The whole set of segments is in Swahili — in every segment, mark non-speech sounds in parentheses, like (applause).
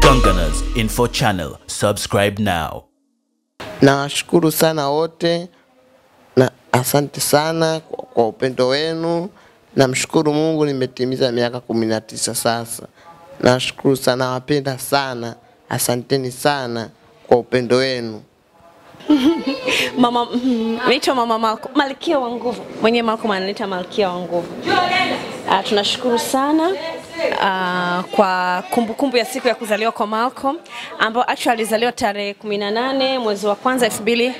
Gangana's Info Channel, subscribe now. Nawashukuru sana wote na asante sana kwa, kwa upendo wenu. Namshukuru Mungu nimetimiza miaka kumi na tisa sasa. Nashukuru sana, wapenda sana, asanteni sana kwa upendo wenu. (laughs) mama mm, naitwa mama Malko, malkia wa nguvu, mwenye Malko ananiita malkia wa nguvu. Ah, tunashukuru sana uh, kwa kumbukumbu kumbu ya siku ya kuzaliwa kwa Malcolm ambao actually alizaliwa tarehe 18 mwezi wa kwanza 2000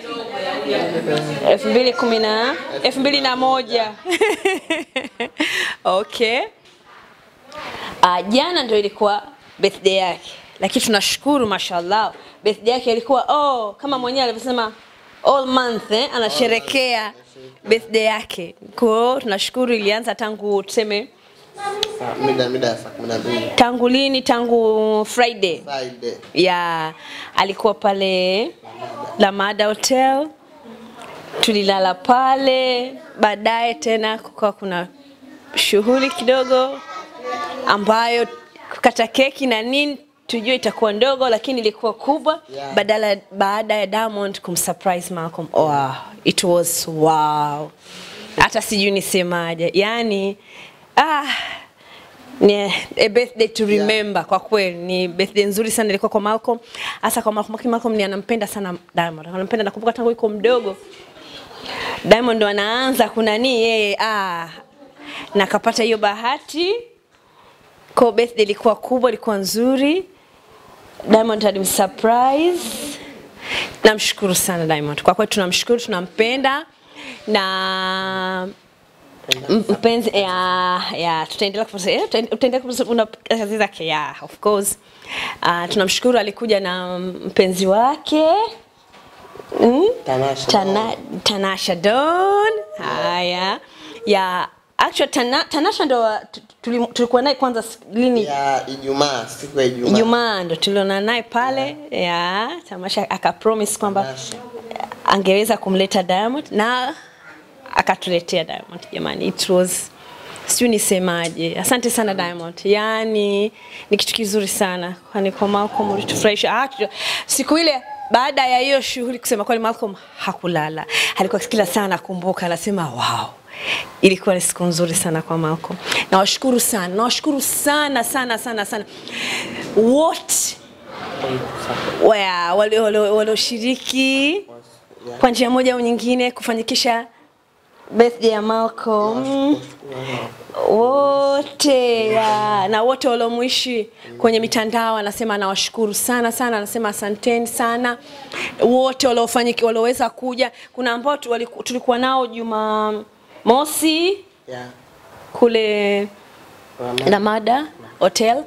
2010 2001 okay. Uh, jana ndio ilikuwa birthday yake, lakini tunashukuru mashallah, birthday yake ilikuwa oh, kama mwenyewe alivyosema all month eh, anasherekea birthday yake. Kwa tunashukuru ilianza tangu tuseme mida mida ya saa Tangu lini? Tangu Friday. Friday. Yeah, alikuwa pale Lamada Hotel tulilala pale, baadaye tena kukawa kuna shughuli kidogo ambayo kukata keki na nini tujue itakuwa ndogo lakini ilikuwa kubwa yeah. badala baada ya Diamond kumsurprise Malcolm. Wow, oh, it was wow. Hata sijui nisemaje. Yaani Ah, ni a eh, birthday to remember yeah. Kwa kweli ni birthday nzuri sana ilikuwa kwa Malcolm, hasa kwa Malcolm. Malcolm ni anampenda sana Diamond, anampenda. Nakumbuka tangu yuko mdogo Diamond ndo anaanza kuna kunani yeye, ah, na kapata hiyo bahati. Kwa birthday ilikuwa kubwa, ilikuwa nzuri. Diamond had surprise. Namshukuru sana Diamond, kwa kweli tunamshukuru, tunampenda na mpenzi ya, ya tutaendelea eh, tutaendelea kupata kazi zake ya of course. Uh, tunamshukuru alikuja na mpenzi wake mm? Tanasha, Tana, Tanasha Don haya ya actually Tana, Tanasha ndo uh, tulikuwa naye kwanza lini? Ya Ijumaa, siku ya Ijumaa. Ijumaa ndo tuliona naye pale ya yeah. Tamasha akapromise kwamba angeweza kumleta Diamond na akatuletea Diamond. Jamani, it was sijui nisemaje. Asante sana Diamond, Yani ni kitu kizuri sana, kwani kwa Malcolm ulitufurahisha Ah, siku ile baada ya hiyo shughuli. Kusema kweli, Malcolm hakulala, alikuwa kila saa nakumbuka, anasema wow ilikuwa ni siku nzuri sana kwa Malcolm. Nawashukuru sana, nawashukuru sana sana sana sana wote walioshiriki kwa njia moja au nyingine kufanikisha birthday ya Malcolm wote ya, na wote waliomwishi kwenye mitandao, anasema anawashukuru sana sana, anasema asanteni sana wote waliofanyika, walioweza kuja. Kuna ambao tulikuwa nao Juma Mosi kule Ramada hotel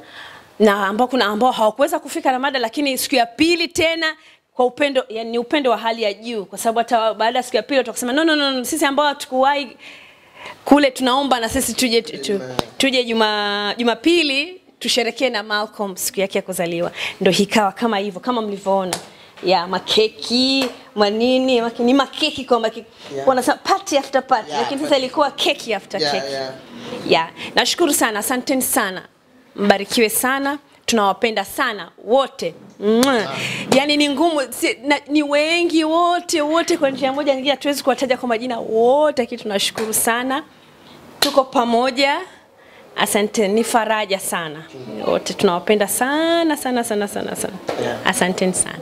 na ambao kuna ambao hawakuweza kufika Ramada, lakini siku ya pili tena kwa upendo yani, upendo wa hali ya juu, kwa sababu hata baada ya siku ya pili watu wakasema no, no, no, sisi ambao hatukuwahi kule tunaomba na sisi tuje, tu, tuje juma Jumapili tusherekee na Malcolm siku yake ya kuzaliwa. Ndio hikawa kama hivyo kama mlivyoona ya makeki manini make, ni makeki kwa makeki yeah. wanasema party after party yeah, lakini sasa ilikuwa keki after yeah, keki yeah. yeah. nashukuru sana asanteni sana mbarikiwe sana tunawapenda sana wote Mwah. yani ni ngumu si, na, ni wengi wote wote kwa njia moja nyingine hatuwezi kuwataja kwa majina wote lakini tunashukuru sana tuko pamoja asante ni faraja sana wote tunawapenda sana sana sana sana sana asanteni sana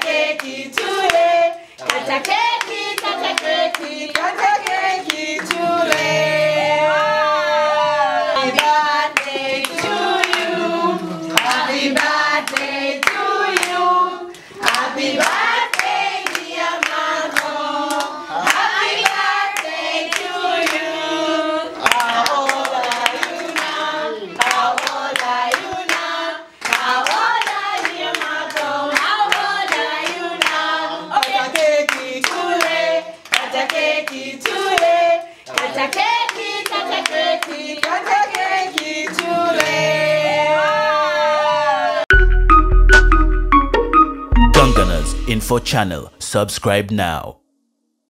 Take you to Gongana's Info Channel. Subscribe now.